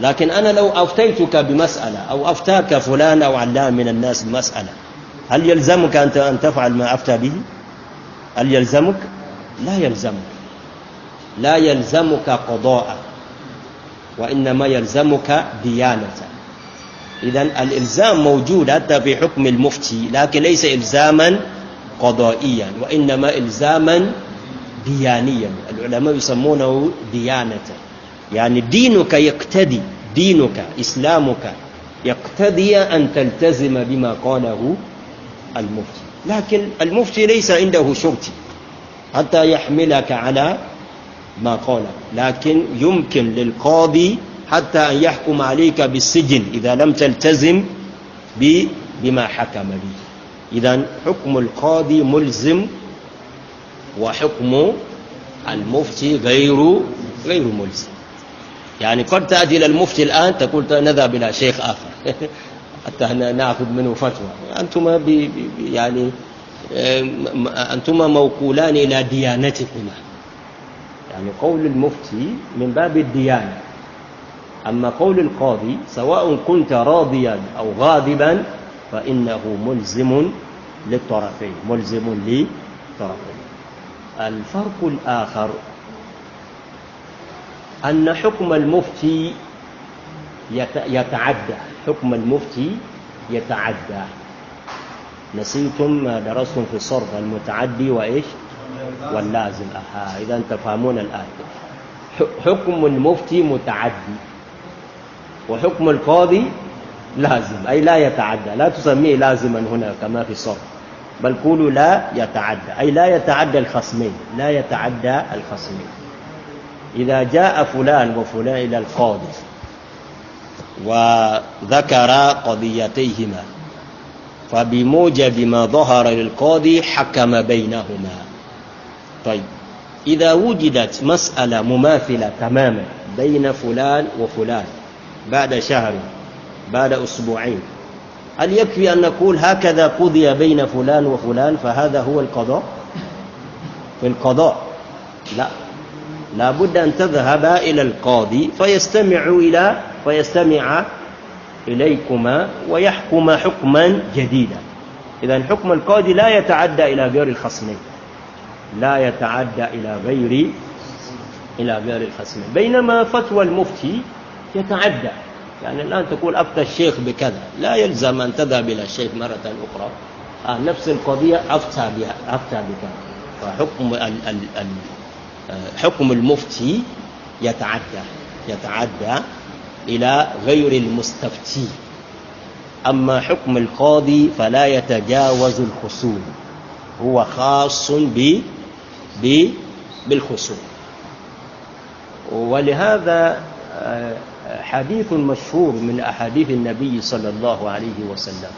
لكن أنا لو أفتيتك بمسألة أو أفتاك فلان أو علام من الناس بمسألة هل يلزمك أنت أن تفعل ما أفتى به هل يلزمك لا يلزمك لا يلزمك قضاء وإنما يلزمك ديانة إذا الإلزام موجود حتى في حكم المفتي لكن ليس إلزاما قضائيا وإنما إلزاما ديانيا العلماء يسمونه ديانة يعني دينك يقتدي دينك إسلامك يقتدي أن تلتزم بما قاله المفتي لكن المفتي ليس عنده شرطي حتى يحملك على ما قال لكن يمكن للقاضي حتى أن يحكم عليك بالسجن إذا لم تلتزم بما حكم به إذا حكم القاضي ملزم وحكم المفتي غير غير ملزم يعني قد تأتي إلى المفتي الآن تقول نذهب إلى شيخ آخر حتى احنا ناخذ منه فتوى انتما بي بي يعني انتما موكولان الى ديانتكما يعني قول المفتي من باب الديانه اما قول القاضي سواء كنت راضيا او غاضبا فانه ملزم للطرفين ملزم للطرفين الفرق الاخر ان حكم المفتي يتعدى حكم المفتي يتعدى نسيتم ما درستم في الصرف المتعدي وإيش واللازم أها إذا تفهمون الآية حكم المفتي متعدي وحكم القاضي لازم أي لا يتعدى لا تسميه لازما هنا كما في الصرف بل قولوا لا يتعدى أي لا يتعدى الخصمين لا يتعدى الخصمين إذا جاء فلان وفلان إلى القاضي وذكر قضيتيهما فبموجب ما ظهر للقاضي حكم بينهما طيب إذا وجدت مسألة مماثلة تماما بين فلان وفلان بعد شهر بعد أسبوعين هل يكفي أن نقول هكذا قضي بين فلان وفلان فهذا هو القضاء في القضاء لا لابد أن تذهب إلى القاضي فيستمع إلى فيستمع إليكما ويحكم حكما جديدا إذا حكم القاضي لا يتعدى إلى غير الخصمين لا يتعدى إلى غير إلى غير الخصمين بينما فتوى المفتي يتعدى يعني الآن تقول أفتى الشيخ بكذا لا يلزم أن تذهب إلى الشيخ مرة أخرى آه، نفس القضية أفتى بها أفتى بكذا فحكم ال ال ال آه، حكم المفتي يتعدى يتعدى إلى غير المستفتي أما حكم القاضي فلا يتجاوز الخصوم هو خاص ب ب بالخصوم ولهذا آه، حديث مشهور من أحاديث النبي صلى الله عليه وسلم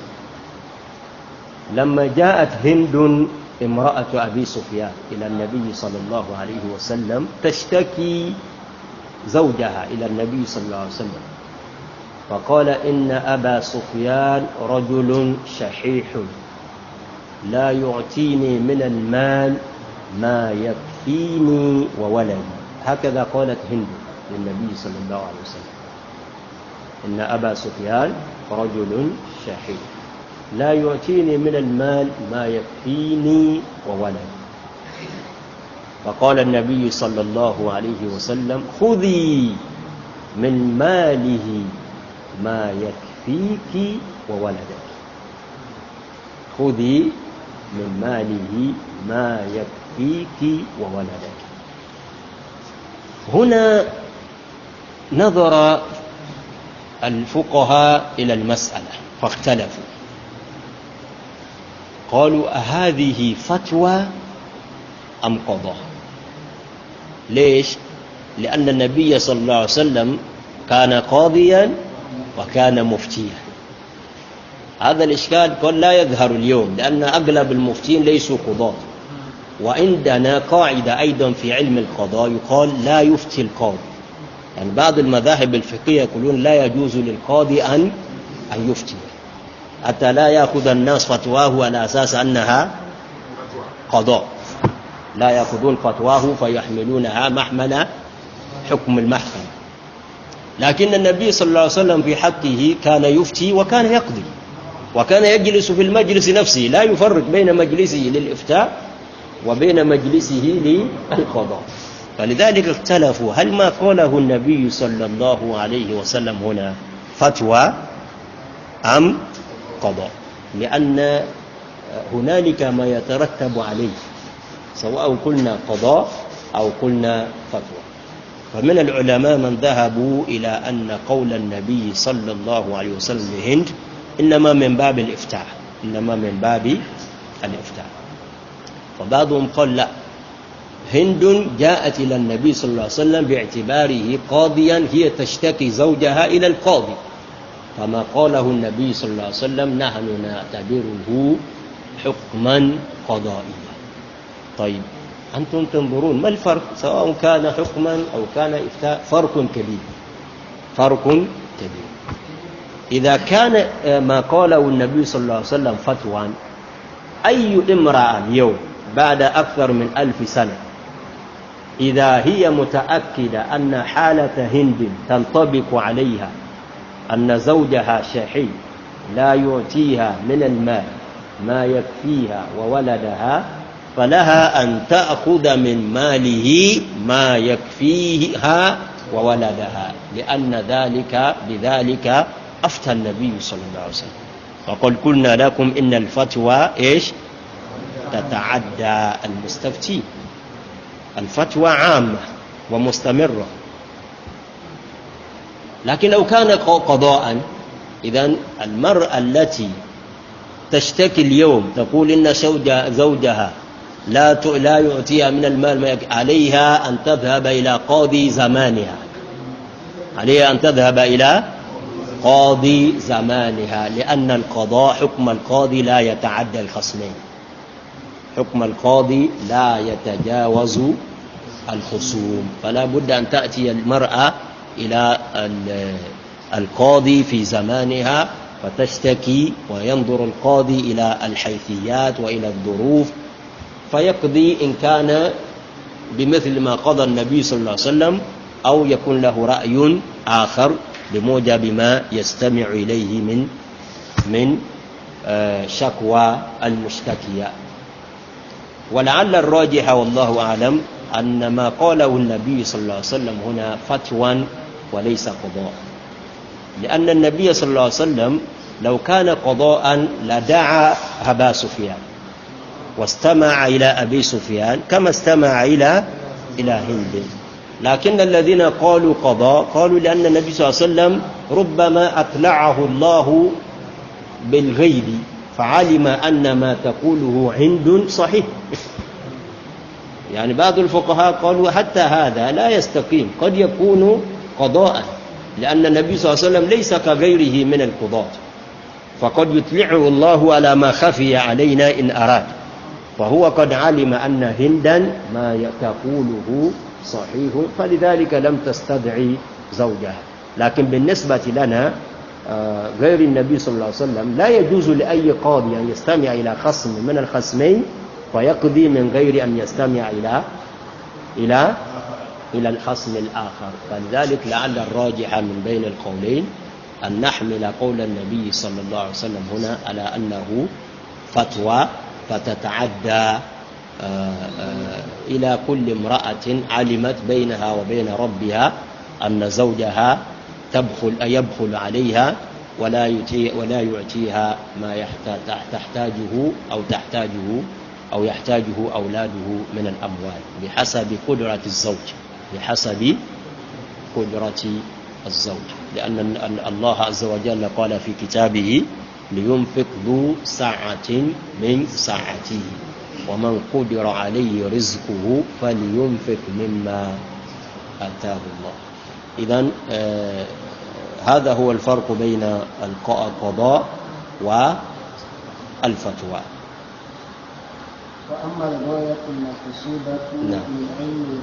لما جاءت هند امرأة أبي سفيان إلى النبي صلى الله عليه وسلم تشتكي زوجها إلى النبي صلى الله عليه وسلم فقال إن أبا سفيان رجل شحيح لا يعطيني من المال ما يكفيني وولدي هكذا قالت هند للنبي صلى الله عليه وسلم إن أبا سفيان رجل شحيح لا يعطيني من المال ما يكفيني وولدي فقال النبي صلى الله عليه وسلم خذي من ماله ما يكفيك وولدك خذي من ماله ما يكفيك وولدك هنا نظر الفقهاء إلى المسألة فاختلفوا قالوا أهذه فتوى أم قضاء ليش لأن النبي صلى الله عليه وسلم كان قاضيا وكان مفتيا هذا الإشكال قد لا يظهر اليوم لأن أغلب المفتين ليسوا قضاة وعندنا قاعدة أيضا في علم القضاء يقال لا يفتي القاضي يعني بعض المذاهب الفقهية يقولون لا يجوز للقاضي أن أن يفتي حتى لا يأخذ الناس فتواه على أساس أنها قضاء لا يأخذون فتواه فيحملونها محمل حكم المحكم لكن النبي صلى الله عليه وسلم في حقه كان يفتي وكان يقضي وكان يجلس في المجلس نفسه لا يفرق بين مجلسه للإفتاء وبين مجلسه للقضاء فلذلك اختلفوا هل ما قاله النبي صلى الله عليه وسلم هنا فتوى أم قضاء لأن هنالك ما يترتب عليه سواء قلنا قضاء أو قلنا فتوى فمن العلماء من ذهبوا إلى أن قول النبي صلى الله عليه وسلم لهند إنما من باب الإفتاء إنما من باب الإفتاء فبعضهم قال لا هند جاءت إلى النبي صلى الله عليه وسلم باعتباره قاضيا هي تشتكي زوجها إلى القاضي فما قاله النبي صلى الله عليه وسلم نحن نعتبره حكما قضائيا طيب أنتم تنظرون ما الفرق سواء كان حكما أو كان إفتاء فرق كبير فرق كبير إذا كان آه، ما قاله النبي صلى الله عليه وسلم فتوى أي امرأة اليوم بعد أكثر من ألف سنة إذا هي متأكدة أن حالة هند تنطبق عليها أن زوجها شحي لا يعطيها من المال ما يكفيها وولدها فلها أن تأخذ من ماله ما يكفيها وولدها لأن ذلك بذلك أفتى النبي صلى الله عليه وسلم وقل قلنا لكم إن الفتوى إيش تتعدى المستفتي الفتوى عامة ومستمرة لكن لو كان قضاء إذا المرأة التي تشتكي اليوم تقول إن زوجها لا لا يعطيها من المال ما عليها أن تذهب إلى قاضي زمانها عليها أن تذهب إلى قاضي زمانها لأن القضاء حكم القاضي لا يتعدى الخصمين حكم القاضي لا يتجاوز الخصوم فلا بد أن تأتي المرأة إلى القاضي في زمانها فتشتكي وينظر القاضي إلى الحيثيات وإلى الظروف فيقضي إن كان بمثل ما قضى النبي صلى الله عليه وسلم أو يكون له رأي آخر بموجب ما يستمع إليه من من آه، شكوى المشتكية ولعل الراجح والله أعلم أن ما قاله النبي صلى الله عليه وسلم هنا فتوى وليس قضاء لأن النبي صلى الله عليه وسلم لو كان قضاء لدعا أبا سفيان واستمع إلى أبي سفيان كما استمع إلى إلى هند لكن الذين قالوا قضاء قالوا لأن النبي صلى الله عليه وسلم ربما أطلعه الله بالغيب فعلم أن ما تقوله هند صحيح يعني بعض الفقهاء قالوا حتى هذا لا يستقيم قد يكون قضاء لأن النبي صلى الله عليه وسلم ليس كغيره من القضاة فقد يطلعه الله على ما خفي علينا إن أراد فهو قد علم أن هندا ما تقوله صحيح فلذلك لم تستدعي زوجها لكن بالنسبة لنا آه، غير النبي صلى الله عليه وسلم لا يجوز لأي قاضي أن يستمع إلى خصم من الخصمين فيقضي من غير أن يستمع إلى إلى إلى الخصم الآخر فلذلك لعل الراجح من بين القولين أن نحمل قول النبي صلى الله عليه وسلم هنا على أنه فتوى فتتعدى آه، آه، إلى كل امرأة علمت بينها وبين ربها أن زوجها تبخل يبخل عليها ولا يتي ولا يعطيها ما يحتاج تحتاجه أو تحتاجه أو يحتاجه أولاده من الأموال بحسب قدرة الزوج بحسب قدرة الزوج لأن الله عز وجل قال في كتابه لينفق ذو ساعة من ساعته ومن قدر عليه رزقه فلينفق مما آتاه الله إذا آه هذا هو الفرق بين القضاء والفتوى وأما الغاية المقصودة نعم. من علم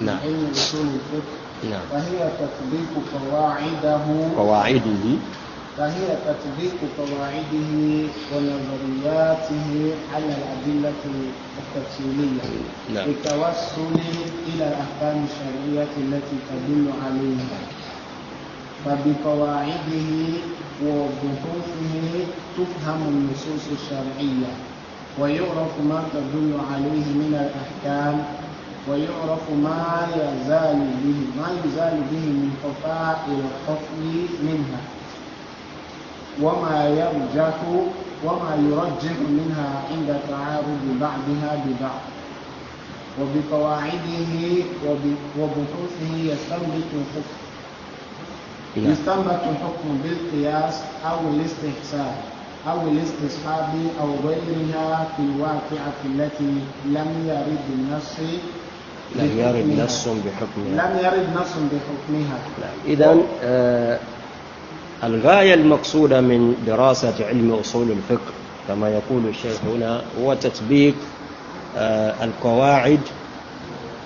نعم. علم أصول الفقه نعم. فهي تطبيق قواعده قواعده فهي تطبيق قواعده ونظرياته على الأدلة التفصيليه بالتوصل نعم. إلى الأحكام الشرعية التي تدل عليها فبقواعده وبحوثه تفهم النصوص الشرعية ويعرف ما تدل عليه من الأحكام ويعرف ما يزال به ما يزال به من خفاء الحكم منها وما يرجح وما يرجح منها عند تعارض بعضها ببعض وبقواعده وبحوثه يستنبط الحكم يستنبط الحكم بالقياس أو الاستحسان أو الاستصحاب أو غيرها في الواقعة التي لم يرد النص لم يرد نص بحكمها لم يرد نص بحكمها إذا آه، الغاية المقصودة من دراسة علم أصول الفقه كما يقول الشيخ هنا هو تطبيق آه، القواعد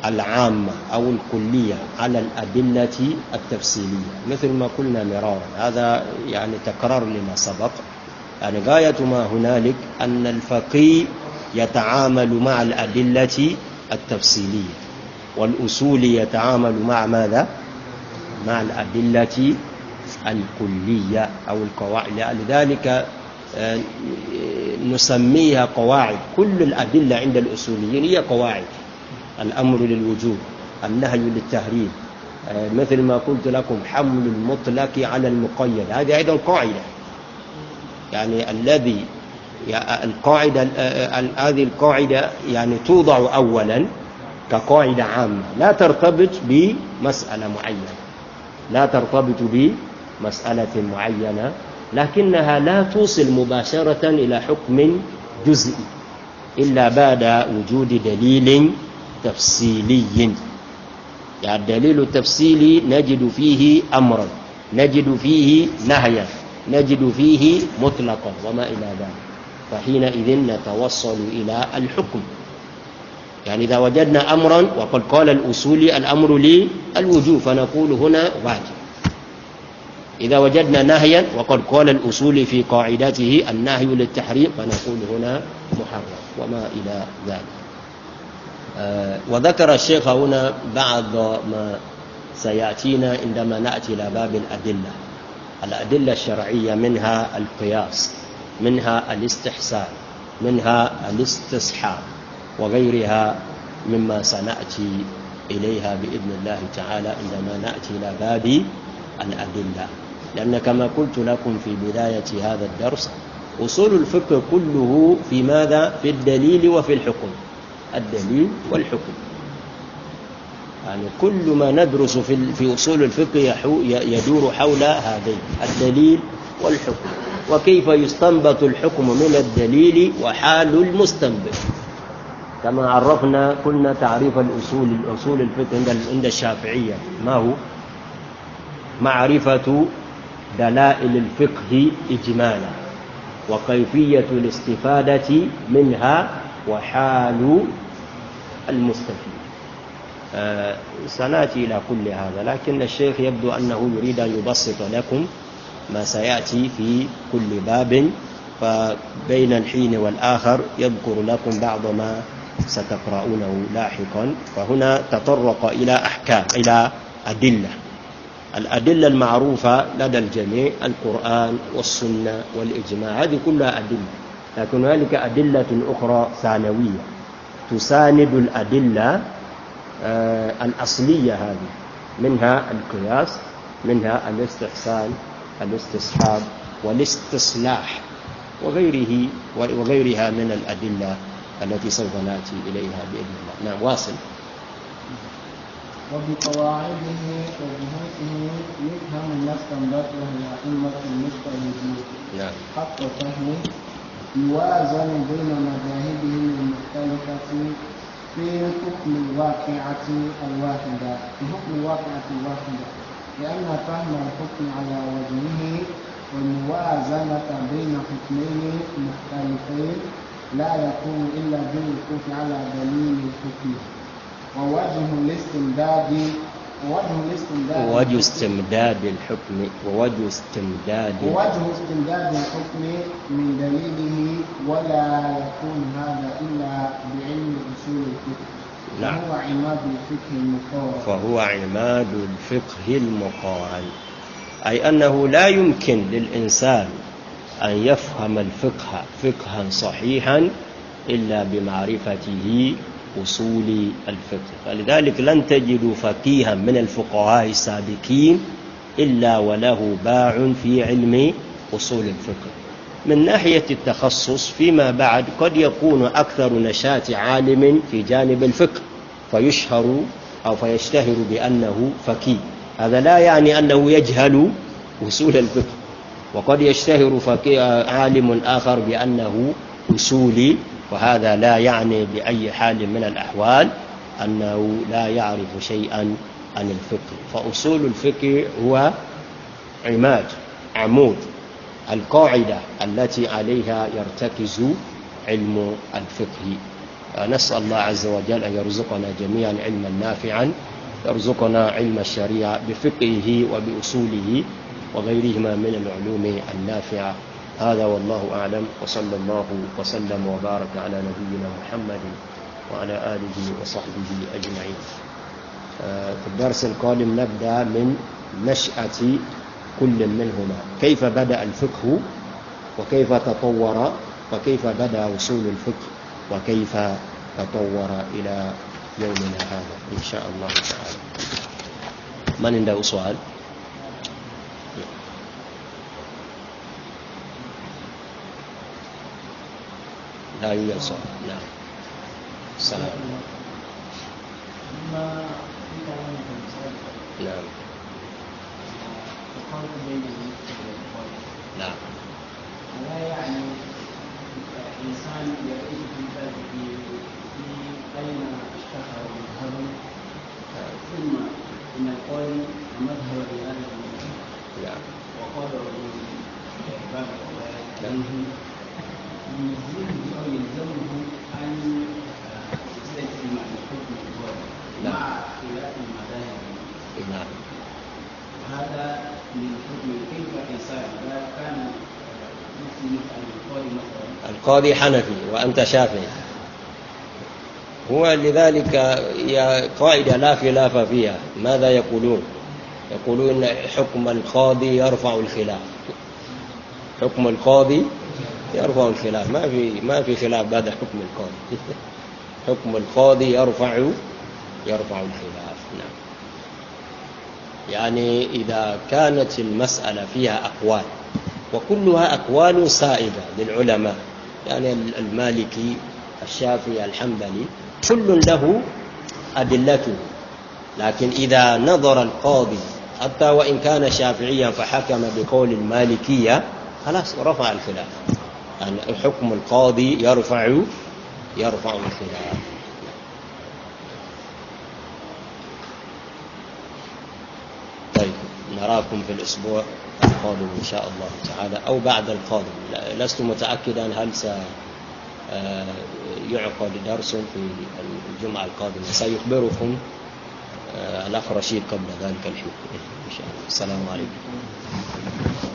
العامة أو الكلية على الأدلة التفصيلية مثل ما قلنا مرارا هذا يعني تكرار لما سبق يعني غاية ما هنالك أن الفقيه يتعامل مع الأدلة التفصيلية والأصول يتعامل مع ماذا؟ مع الأدلة الكلية أو القواعد لذلك آه، نسميها قواعد كل الأدلة عند الأصوليين هي قواعد الأمر للوجوب النهي للتهريب آه، مثل ما قلت لكم حمل المطلق على المقيد هذه أيضا قاعدة يعني الذي القاعدة آه، هذه القاعدة يعني توضع أولا كقاعدة عامة لا ترتبط بمسألة معينة لا ترتبط بمسألة مسألة معينة لكنها لا توصل مباشرة إلى حكم جزئي إلا بعد وجود دليل تفصيلي يعني الدليل التفصيلي نجد فيه أمرا نجد فيه نهيا نجد فيه مطلقا وما إلى ذلك فحينئذ نتوصل إلى الحكم يعني إذا وجدنا أمرا وقد قال الأصولي الأمر لي الوجوب فنقول هنا واجب إذا وجدنا نهيا وقد قال الأصول في قاعدته النهي للتحريم فنقول هنا محرم وما إلى ذلك آه، وذكر الشيخ هنا بعض ما سيأتينا عندما نأتي إلى باب الأدلة الأدلة الشرعية منها القياس منها الاستحسان منها الاستصحاب وغيرها مما سنأتي إليها بإذن الله تعالى عندما نأتي إلى باب الأدلة لأن كما قلت لكم في بداية هذا الدرس أصول الفقه كله في ماذا؟ في الدليل وفي الحكم الدليل والحكم يعني كل ما ندرس في, في أصول الفقه يدور حول هذين الدليل والحكم وكيف يستنبط الحكم من الدليل وحال المستنبط كما عرفنا قلنا تعريف الأصول الأصول الفقه عند الشافعية ما هو معرفة دلائل الفقه إجمالا وكيفية الاستفادة منها وحال المستفيد آه، سناتي إلى كل هذا لكن الشيخ يبدو أنه يريد أن يبسط لكم ما سيأتي في كل باب فبين الحين والآخر يذكر لكم بعض ما ستقرؤونه لاحقا فهنا تطرق إلى أحكام إلى أدلة الأدلة المعروفة لدى الجميع القرآن والسنة والإجماع هذه كلها أدلة لكن هنالك أدلة أخرى ثانوية تساند الأدلة آه، الأصلية هذه منها القياس منها الاستحسان الاستصحاب والاستصلاح وغيره وغيرها من الأدلة التي سوف نأتي إليها بإذن الله نعم واصل وبقواعده وجهته يفهم ما استنبطه الأئمة المجتهدين نعم. حق فهمه يوازن بين مذاهبه المختلفة في حكم الواقعة الواحدة في حكم الواقعة الواحدة لأن فهم الحكم على وجهه والموازنة بين حكمين مختلفين لا يكون إلا بالوقوف على دليل الحكم ووجه الاستمداد ووجه الاستمداد ووجه استمداد الحكم ووجه استمداد ووجه استمداد الحكم من دليله ولا يكون هذا إلا بعلم أصول الفقه نعم فهو عماد الفقه المقارن فهو عماد الفقه المقارن أي أنه لا يمكن للإنسان أن يفهم الفقه فقها صحيحا إلا بمعرفته أصول الفقه فلذلك لن تجد فقيها من الفقهاء السابقين إلا وله باع في علم أصول الفقه من ناحية التخصص فيما بعد قد يكون أكثر نشاة عالم في جانب الفقه فيشهر أو فيشتهر بأنه فقيه هذا لا يعني أنه يجهل أصول الفقه وقد يشتهر عالم آخر بأنه أصولي وهذا لا يعني بأي حال من الأحوال أنه لا يعرف شيئا عن الفقه فأصول الفقه هو عماد عمود القاعدة التي عليها يرتكز علم الفقه نسأل الله عز وجل أن يرزقنا جميعا علما نافعا يرزقنا علم الشريعة بفقهه وبأصوله وغيرهما من العلوم النافعة هذا والله أعلم وصلى الله وسلم وبارك على نبينا محمد وعلى آله وصحبه أجمعين آه، في الدرس القادم نبدأ من نشأة كل منهما كيف بدأ الفقه وكيف تطور وكيف بدأ وصول الفقه وكيف تطور إلى يومنا هذا إن شاء الله تعالى من عنده سؤال؟ rayuwarsa na sa'ar na قاضي حنفي وأنت شافعي هو لذلك يا قاعدة لا خلاف فيها ماذا يقولون يقولون حكم القاضي يرفع الخلاف حكم القاضي يرفع الخلاف ما في ما في خلاف بعد حكم القاضي حكم القاضي يرفع يرفع الخلاف نعم يعني إذا كانت المسألة فيها أقوال وكلها أقوال سائدة للعلماء يعني المالكي الشافعي الحنبلي كل له أدلته لكن إذا نظر القاضي حتى وإن كان شافعيا فحكم بقول المالكية خلاص رفع الخلاف يعني حكم القاضي يرفع يرفع الخلاف نراكم في الأسبوع القادم إن شاء الله تعالى أو بعد القادم لست متأكدا هل سيعقد آه، درس في الجمعة القادمة سيخبركم آه، الأخ رشيد قبل ذلك الحين إن شاء الله السلام عليكم